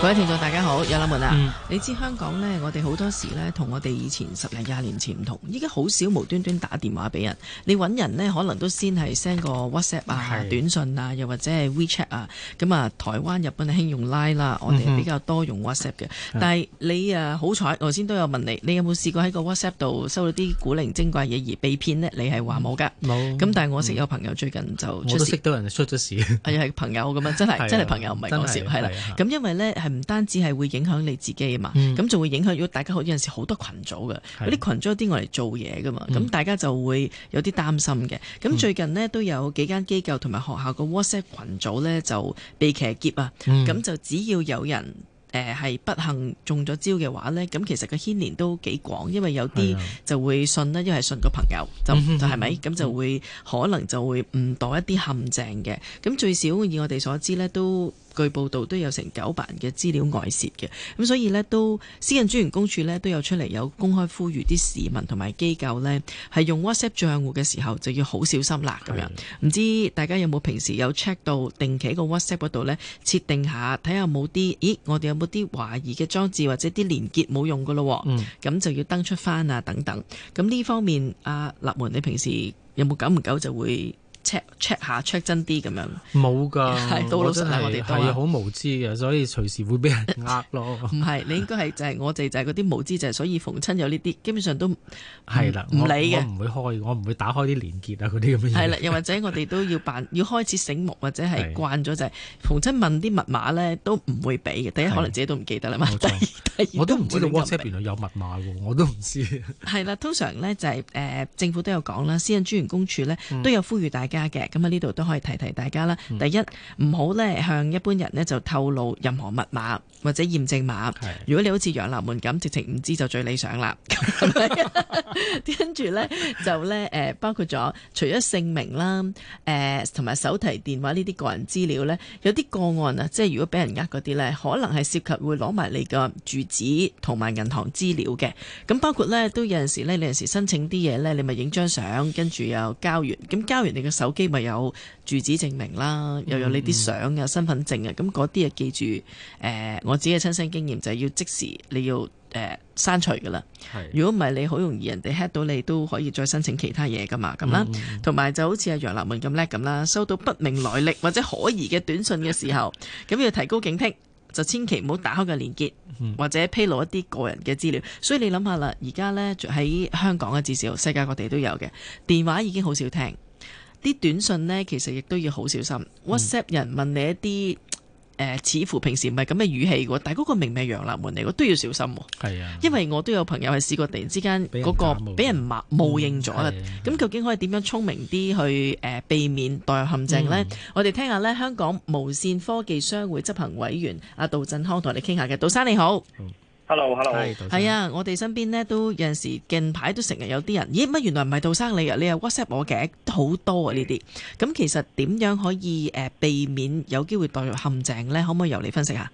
各位聽眾大家好，有啦們啊、嗯，你知香港呢，我哋好多時呢，同我哋以前十零廿年前唔同，依家好少無端端打電話俾人，你搵人呢，可能都先係 send 個 WhatsApp 啊、短訊啊，又或者係 WeChat 啊，咁啊台灣、日本興用 Line 啦，我哋比較多用 WhatsApp 嘅、嗯。但係你啊好彩，我先都有問你，你有冇試過喺個 WhatsApp 度收到啲古靈精怪嘢而被騙呢？你係話冇㗎，冇、嗯。咁但係我成個朋友最近就出我都識到人出咗事，係係朋友咁樣，真係真係朋友唔係講笑，係啦。咁因為咧。唔單止係會影響你自己啊嘛，咁、嗯、就會影響。如果大家好有陣時好多群組嘅，嗰啲群組有啲我嚟做嘢噶嘛，咁、嗯、大家就會有啲擔心嘅。咁、嗯、最近呢，都有幾間機構同埋學校個 WhatsApp 群組呢，就被騎劫啊，咁、嗯、就只要有人誒係、呃、不幸中咗招嘅話呢，咁其實個牽連都幾廣，因為有啲就會信啦，因為信個朋友就、嗯、就係咪咁就會、嗯、可能就會誤墮一啲陷阱嘅。咁最少以我哋所知呢，都。據報道都有成九百人嘅資料外洩嘅，咁所以呢，都私隱專員公署呢都有出嚟有公開呼籲啲市民同埋機構呢係用 WhatsApp 賬戶嘅時候就要好小心啦，咁樣。唔知大家有冇平時有 check 到定期個 WhatsApp 嗰度呢？設定下睇下冇啲咦我哋有冇啲懷疑嘅裝置或者啲連結冇用噶咯、啊，咁、嗯、就要登出翻啊等等。咁呢方面阿、啊、立門，你平時有冇久唔久就會？check 下 check 真啲咁樣，冇㗎，都老實啦，我哋都係好無知嘅，所以隨時會俾人呃咯。唔 係，你應該係就係、是、我哋就係嗰啲無知，就係所以逢親有呢啲，基本上都係啦，唔理嘅。我唔會開，我唔會打開啲連結啊，嗰啲咁嘅嘢。係啦，又或者我哋都要扮 要開始醒目，或者係慣咗就係、是、逢親問啲密碼咧，都唔會俾嘅。第一可能自己都唔記得啦嘛。第二，我都唔知道 WhatsApp 邊度有密碼喎，我都唔知。係 啦，通常咧就係、是、誒、呃、政府都有講啦， 私隱專員公署咧都有呼籲大家、嗯。嘅咁啊，呢度都可以提提大家啦。嗯、第一，唔好咧向一般人呢就透露任何密碼或者驗證碼。如果你好似楊立門咁，直情唔知就最理想啦。跟 住 呢，就咧、呃、包括咗除咗姓名啦，同、呃、埋手提電話呢啲個人資料呢，有啲個案啊，即係如果俾人呃嗰啲呢，可能係涉及會攞埋你個住址同埋銀行資料嘅。咁包括呢，都有陣時呢，你有陣時申請啲嘢呢，你咪影張相，跟住又交完。咁交完你個手。手機咪有住址證明啦，又有你啲相啊，嗯嗯身份證啊，咁嗰啲嘢記住誒、呃，我自己嘅親身經驗就係要即時你要誒刪、呃、除噶啦。如果唔係你好容易人哋 h e a 到你都可以再申請其他嘢噶嘛，咁啦。同、嗯、埋、嗯、就好似阿楊立文咁叻咁啦，收到不明來歷或者可疑嘅短信嘅時候，咁 要提高警惕，就千祈唔好打開個鏈接或者披露一啲個人嘅資料。所以你諗下啦，而家呢，喺香港啊，至少世界各地都有嘅電話已經好少聽。啲短信呢，其實亦都要好小心。WhatsApp 人問你一啲誒、嗯呃，似乎平時唔係咁嘅語氣喎，但係嗰個明明係楊立門嚟嘅，都要小心。係啊，因為我都有朋友係試過突然之間嗰個俾人冒認了被人冒，嗯、被人冒認咗嘅。咁、啊、究竟可以點樣聰明啲去誒、呃、避免代入陷阱呢？嗯、我哋聽下呢香港無線科技商會執行委員阿杜振康同你哋傾下嘅。杜生你好。好 hello hello 係啊，我哋身邊咧都有陣時，近排都成日有啲人，咦乜原來唔係杜生你，你啊，你係 WhatsApp 我嘅好多啊呢啲，咁其實點樣可以誒避免有機會代入陷阱咧？可唔可以由你分析下？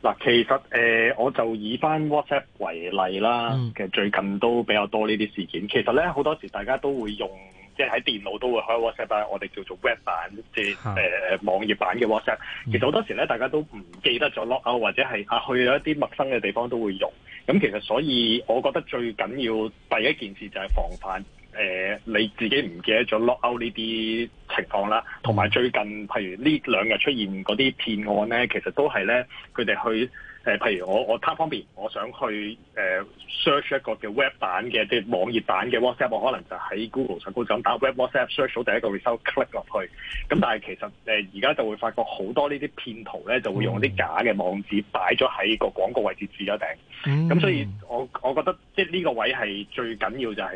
嗱，其實誒、呃，我就以翻 WhatsApp 為例啦，其實最近都比較多呢啲事件。其實咧，好多時大家都會用。即係喺電腦都會開 WhatsApp 我哋叫做 Web 版，即係、呃、網頁版嘅 WhatsApp。其實好多時咧，大家都唔記得咗 lock ou，t 或者係啊去了一啲陌生嘅地方都會用。咁其實所以，我覺得最緊要第一件事就係防範、呃、你自己唔記得咗 lock ou t 呢啲情況啦。同埋最近譬如呢兩日出現嗰啲騙案咧，其實都係咧佢哋去。誒、呃，譬如我我貪方便，我想去誒 search、呃、一個叫 web 版嘅即係網頁版嘅 WhatsApp，我可能就喺 Google 上高咁打 web WhatsApp search 到第一個 result click 落去。咁、嗯嗯、但係其實誒而家就會發覺好多呢啲騙徒咧就會用啲假嘅網址擺咗喺個廣告位置置咗頂。咁、嗯嗯、所以我我覺得即係呢個位係最緊要就係、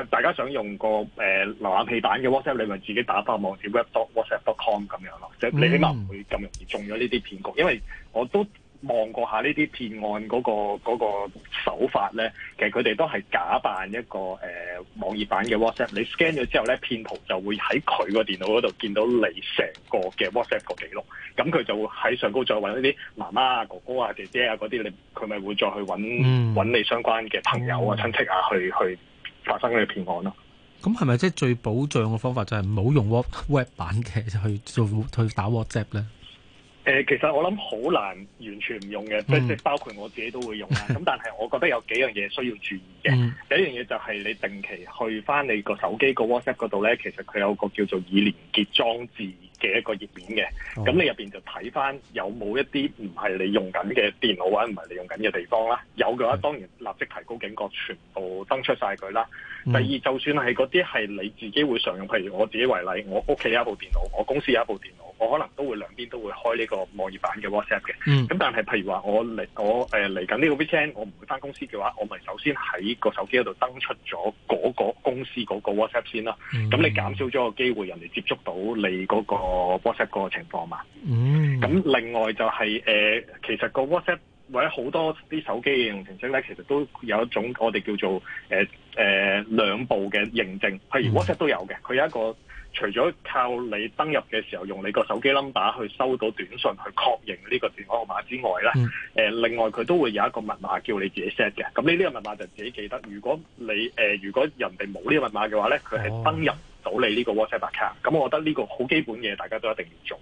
是、大家想用個誒瀏覽器版嘅 WhatsApp，你咪自己打翻網址、嗯、web dot whatsapp dot com 咁樣咯，即係你起碼唔會咁容易中咗呢啲騙局，因為我都。望過下呢啲騙案嗰、那個嗰、那個、手法咧，其實佢哋都係假扮一個誒、呃、網頁版嘅 WhatsApp。你 scan 咗之後咧，騙徒就會喺佢個電腦嗰度見到你成個嘅 WhatsApp 個記錄。咁佢就會喺上高再搵一啲媽媽啊、哥哥啊、姐姐啊嗰啲，你佢咪會再去搵揾你相關嘅朋友啊、嗯、親戚啊去去發生呢個騙案咯、啊。咁係咪即係最保障嘅方法就係唔好用 web 版嘅去做去打 WhatsApp 咧？誒、呃，其實我諗好難完全唔用嘅，即、嗯、係包括我自己都會用啦。咁但係我覺得有幾樣嘢需要注意嘅、嗯。第一樣嘢就係你定期去翻你個手機個 WhatsApp 嗰度咧，其實佢有一個叫做已連結裝置嘅一個頁面嘅。咁、哦、你入邊就睇翻有冇一啲唔係你用緊嘅電腦啊，唔係你用緊嘅地方啦。有嘅話，當然立即提高警覺，全部登出曬佢啦。第二，嗯、就算係嗰啲係你自己會常用，譬如我自己為例，我屋企有一部電腦，我公司有一部電腦。我可能都會兩邊都會開呢個網頁版嘅 WhatsApp 嘅，咁、嗯、但係譬如話我嚟我誒嚟緊呢個 weekend，我唔會返公司嘅話，我咪首先喺個手機嗰度登出咗嗰個公司嗰個 WhatsApp 先囉。咁、嗯、你減少咗個機會人哋接觸到你嗰個 WhatsApp 嗰個情況嘛。咁、嗯、另外就係、是呃、其實個 WhatsApp 或者好多啲手機應用程式咧，其實都有一種我哋叫做、呃誒、呃、兩步嘅認證，譬如 WhatsApp 都有嘅，佢有一個除咗靠你登入嘅時候用你個手機 number 去收到短信去確認呢個電話號碼之外咧、嗯呃，另外佢都會有一個密碼叫你自己 set 嘅，咁呢啲密碼就自己記得。如果你、呃、如果人哋冇呢個密碼嘅話咧，佢係登入唔到你呢個 WhatsApp account。咁我覺得呢個好基本嘢，大家都一定要做。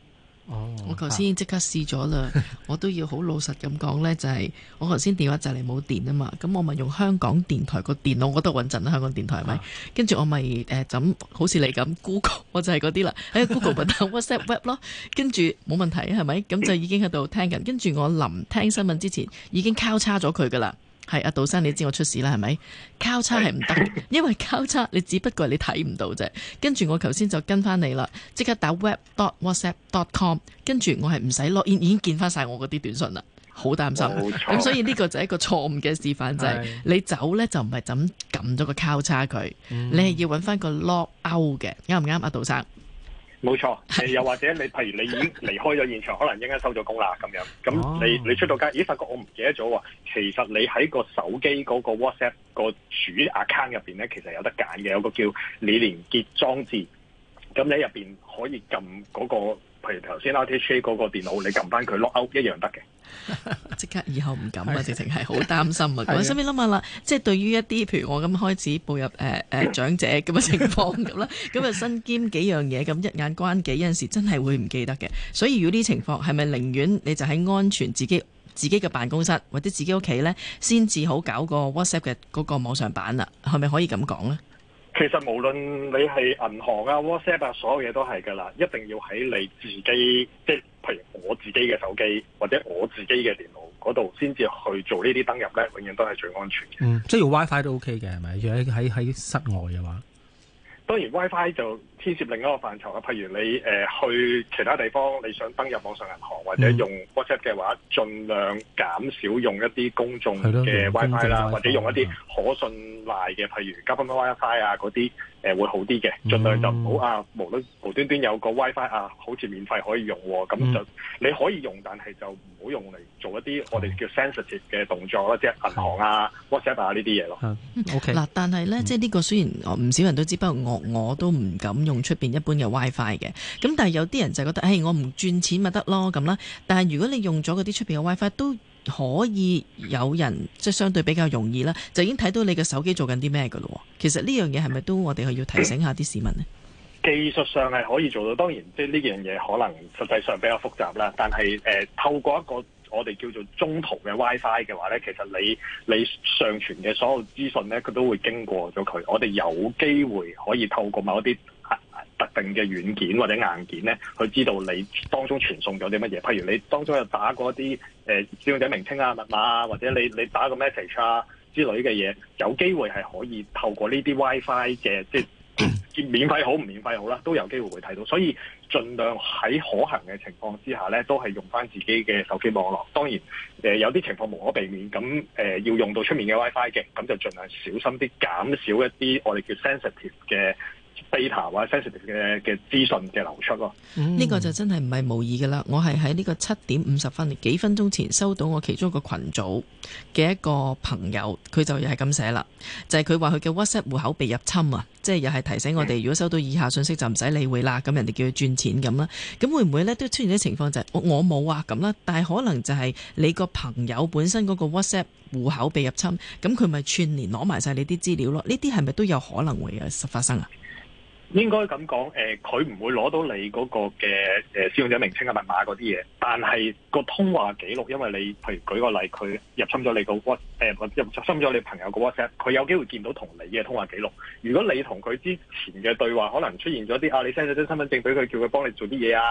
Oh, 我頭先即刻試咗啦， 我都要好老實咁講呢，就係、是、我頭先電話電就嚟冇電啊嘛，咁我咪用香港電台、個電腦我都穩陣啦，香港電台係咪？跟住 我咪誒就好似、呃、你咁 Google，我就係嗰啲啦，喺、哎、Google 揾 下 WhatsApp Web 咯，跟住冇問題係咪？咁就已經喺度聽緊，跟住我臨聽新聞之前已經交叉咗佢噶啦。係阿杜生，你知我出事啦，係咪交叉係唔得？因為交叉你只不過係你睇唔到啫。跟住我頭先就跟翻你啦，即刻打 web dot whatsapp dot com，跟住我係唔使 lock，已已經見翻晒我嗰啲短信啦。好擔心，咁所以呢個就係一個錯誤嘅示範，就係你走呢就唔係咁撳咗個交叉佢，你係要揾翻個 lock out 嘅，啱唔啱？阿杜生？冇錯、呃，又或者你，譬如你已經離開咗現場，可能已經收咗工啦，咁樣，咁你你出到街，咦，發覺我唔記得咗喎，其實你喺個手機嗰個 WhatsApp 個主 account 入面咧，其實有得揀嘅，有個叫連結裝置，咁你喺入面可以撳嗰、那個。譬如頭先 RTK 嗰個電腦，你撳翻佢 lock out 一樣得嘅。即 刻以後唔敢啊！ 直情係好擔心啊！ 我心入面諗下啦，即係對於一啲譬如我咁開始步入誒誒、呃呃、長者咁嘅情況咁啦，咁 啊身兼幾樣嘢，咁一眼關幾有陣時真係會唔記得嘅。所以如果啲情況係咪寧願你就喺安全自己自己嘅辦公室或者自己屋企咧，先至好搞個 WhatsApp 嘅嗰個網上版啦？係咪可以咁講咧？其實無論你係銀行啊、WhatsApp 啊，所有嘢都係噶啦，一定要喺你自己，即係譬如我自己嘅手機或者我自己嘅電腦嗰度，先至去做呢啲登入咧，永遠都係最安全嘅。嗯，即係用 WiFi 都 OK 嘅，係咪？如果喺喺室外嘅話。當然 WiFi 就牽涉另一個範疇啦。譬如你、呃、去其他地方，你想登入網上銀行或者用 WhatsApp 嘅話，盡量減少用一啲公眾嘅 WiFi 啦，wi 或者用一啲可信賴嘅，譬如嘉賓 WiFi 啊嗰啲。那些誒會好啲嘅，盡量就唔好啊。無端端有個 WiFi 啊，好似免費可以用喎，咁就你可以用，但係就唔好用嚟做一啲我哋叫 sensitive 嘅動作啦，即係銀行啊、WhatsApp 啊呢啲嘢咯。OK 嗱，但係咧，即係呢個雖然唔少人都知，不過我我都唔敢用出面一般嘅 WiFi 嘅。咁但係有啲人就覺得誒，我唔轉錢咪得咯咁啦。但係如果你用咗嗰啲出面嘅 WiFi 都。可以有人即係相對比較容易啦，就已經睇到你嘅手機做緊啲咩噶咯。其實呢樣嘢係咪都我哋係要提醒下啲市民咧？技術上係可以做到，當然即係呢樣嘢可能實際上比較複雜啦。但係誒、呃、透過一個我哋叫做中途嘅 WiFi 嘅話咧，其實你你上傳嘅所有資訊咧，佢都會經過咗佢。我哋有機會可以透過某一啲。特定嘅軟件或者硬件咧，去知道你當中傳送咗啲乜嘢。譬如你當中有打過啲、呃、使用者名稱啊、密碼啊，或者你你打個 message 啊之類嘅嘢，有機會係可以透過呢啲 WiFi 嘅，即係免費好唔免費好啦，都有機會會睇到。所以盡量喺可行嘅情況之下咧，都係用翻自己嘅手機網絡。當然、呃、有啲情況無可避免，咁、呃、要用到出面嘅 WiFi 嘅，咁就儘量小心啲，減少一啲我哋叫 sensitive 嘅 data 或者 sensitive 嘅嘅資訊嘅流出咯，呢、嗯呢個就真係唔係無疑噶啦。我係喺呢個七點五十分幾分鐘前收到我其中一個群組嘅一個朋友，佢就又係咁寫啦，就係佢話佢嘅 WhatsApp 戶口被入侵啊，即係又係提醒我哋，如果收到以下信息就唔使理會啦。咁人哋叫佢轉錢咁啦，咁會唔會呢？都出現啲情況就係、係、我冇啊咁啦，但係可能就係你個朋友本身嗰個 WhatsApp 戶口被入侵，咁佢咪串連攞埋晒你啲資料咯？呢啲係咪都有可能會發生啊？應該咁講，誒佢唔會攞到你嗰個嘅誒、呃、使用者名稱嘅密碼嗰啲嘢。但係個通話記錄，因為你譬如舉個例，佢入侵咗你個 WhatsApp，入、呃、入侵咗你朋友個 WhatsApp，佢有機會見到同你嘅通話記錄。如果你同佢之前嘅對話可能出現咗啲啊，你 send 咗張身份證俾佢，叫佢幫你做啲嘢啊，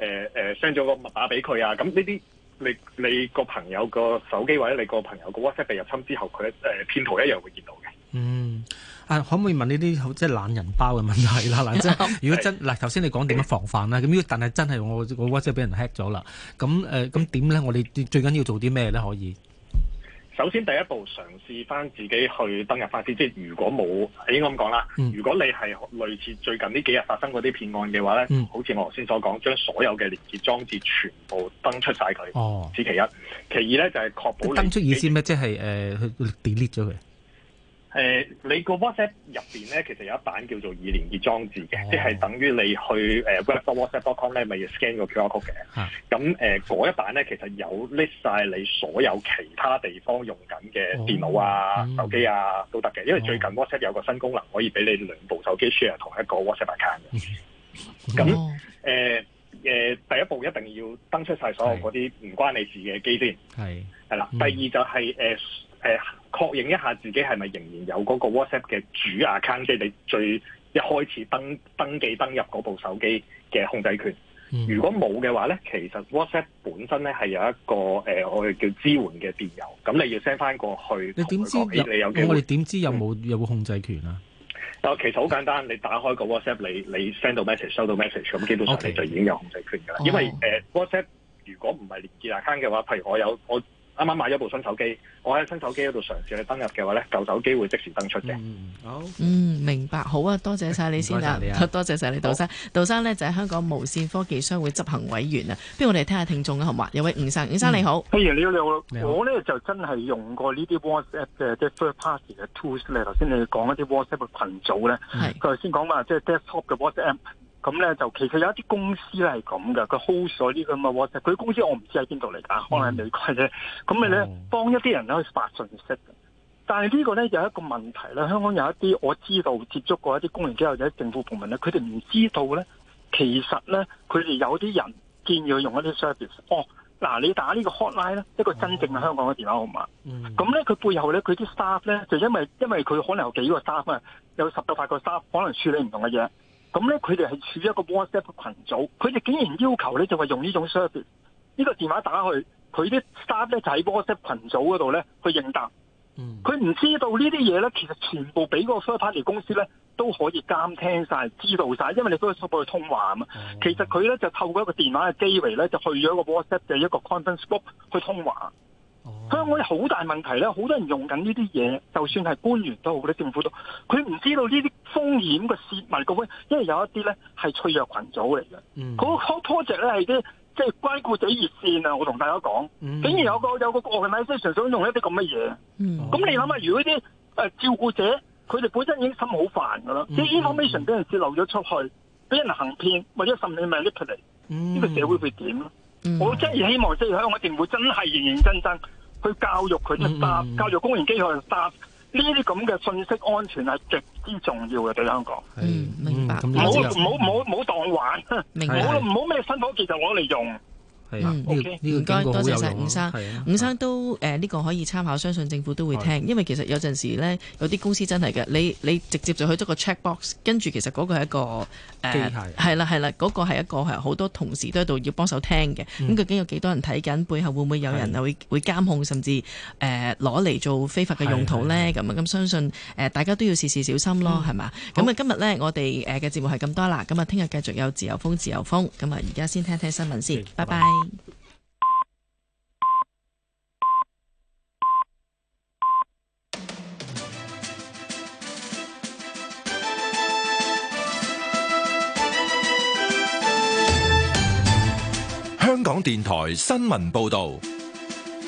誒誒 send 咗個密碼俾佢啊，咁呢啲你你個朋友個手機或者你個朋友個 WhatsApp 被入侵之後，佢誒、呃、騙徒一樣會見到嘅。嗯。啊，可唔可以問呢啲即係懶人包嘅問題啦？ 如果真嗱，頭先你講點樣防範啦？咁如果但係真係我我 WhatsApp 俾人 hack 咗啦，咁誒咁點咧？我哋最緊要做啲咩咧？可以首先第一步嘗試翻自己去登入翻啲，即係如果冇，已經咁講啦。如果你係類似最近呢幾日發生嗰啲騙案嘅話咧、嗯，好似我頭先所講，將所有嘅連結裝置全部登出晒佢。哦，此其一。其二咧就係，確保登出意思咩？即係誒 delete 咗佢。呃誒、呃，你個 WhatsApp 入面咧，其實有一版叫做二連結裝置嘅，哦，即係等於你去誒 web.whatsapp.com 咧，咪、呃嗯、要 scan 個 QR code 嘅。咁、啊、嗰、呃、一版咧，其實有 list 曬你所有其他地方用緊嘅電腦啊、哦嗯、手機啊都得嘅，因為最近 WhatsApp 有個新功能，可以俾你兩部手機 share 同一個 WhatsApp account 嘅。咁、嗯嗯哦呃呃、第一步一定要登出曬所有嗰啲唔關你事嘅機先，係係啦。第二就係、是呃誒確認一下自己係咪仍然有嗰個 WhatsApp 嘅主 account，即係你最一開始登登記登入嗰部手機嘅控制權。嗯、如果冇嘅話咧，其實 WhatsApp 本身咧係有一個、呃、我哋叫支援嘅電郵，咁你要 send 翻過去。你點知你有？咁我哋點知有冇有冇、嗯、控制權啊？其實好簡單，你打開個 WhatsApp，你你 send 到 message，收到 message 咁，基本上你、okay. 就已經有控制權嘅啦、哦。因為、呃、WhatsApp 如果唔係連結 account 嘅話，譬如我有我。啱啱買咗部新手機，我喺新手機嗰度嘗試去登入嘅話咧，舊手機會即時登出嘅。好、嗯，okay. 嗯，明白，好啊，多謝晒你先，多謝你、啊、多謝你先生。多謝晒你，杜生呢，杜生咧就係、是、香港無線科技商會執行委員啊。不如、嗯、我哋聽下聽、聽眾嘅係嘛？有位吳生，吳、嗯、生你好，哎呀，你好你好，我咧就真係用過呢啲 WhatsApp 嘅即係 first party 嘅 tools 咧，頭先你講一啲 WhatsApp 嘅群組咧，係，頭先講話即係 desktop 嘅 WhatsApp。咁咧就其實有一啲公司咧係咁嘅，佢 hold 咗啲咁嘅 WhatsApp。佢啲公司我唔知喺邊度嚟㗎，可能喺美國咧。咁咪咧幫一啲人咧去發信息。但係呢個咧有一個問題咧，香港有一啲我知道接觸過一啲公營機構或者政府部門咧，佢哋唔知道咧，其實咧佢哋有啲人建議佢用一啲 service。哦，嗱你打呢個 hotline 咧，一個真正嘅香港嘅電話號碼。咁咧佢背後咧佢啲 staff 咧就因為因為佢可能有幾個 staff 啊，有十到八個 staff 可能處理唔同嘅嘢。咁咧，佢哋係處於一個 WhatsApp 群組，佢哋竟然要求咧就話、係、用呢種 service，呢個電話打去，佢啲 staff 咧就喺 WhatsApp 群組嗰度咧去應答。嗯，佢唔知道呢啲嘢咧，其實全部俾嗰個 service 公司咧都可以監聽晒，知道晒，因為你都係透過通話啊嘛、嗯嗯。其實佢咧就透過一個電話嘅機圍咧，就去咗一個 WhatsApp 嘅一個 conference call 去通話。香港有好大問題咧，好多人用緊呢啲嘢，就算係官員都好，啲政府都，佢唔知道呢啲風險嘅泄密嘅威，因為有一啲咧係脆弱群組嚟嘅。嗰、嗯那個 project 咧係啲即係關顧者熱線啊！我同大家講、嗯，竟然有個有個 information 想用一啲咁嘅嘢，咁、嗯、你諗下，如果啲誒照顧者佢哋本身已經心好煩嘅啦，啲、嗯就是、information 俾人泄漏咗出去，俾人行騙，或者甚至咪拎出嚟，呢、這個社會會點咧、嗯？我真係希望即係香港政府真係認認真真。去教育佢就搭教育公營機構就呢啲咁嘅信息安全係極之重要嘅。對香港，嗯嗯、明白。唔好唔好唔好唔好當玩，唔好唔好咩新科技就攞嚟用。嗯，呢唔該，多、okay, 謝晒。伍生。伍、啊、生都誒呢、啊呃這個可以參考，相信政府都會聽，啊、因為其實有陣時呢，有啲公司真係嘅，你你直接就去咗個 check box，跟住其實嗰個係一個誒，係啦係啦，嗰、啊啊啊啊啊啊那個係一個係好多同事都喺度要幫手聽嘅。咁、嗯、究竟有幾多人睇緊，背後會唔會有人會會監控，啊、甚至誒攞嚟做非法嘅用途呢？咁啊咁、啊、相信、呃、大家都要事事小心咯，係、嗯、嘛？咁啊今日呢，我哋嘅節目係咁多啦，咁啊聽日繼續有自由風自由風。咁啊而家先聽聽,聽新聞先、啊，拜拜。拜拜香港電台新聞報道。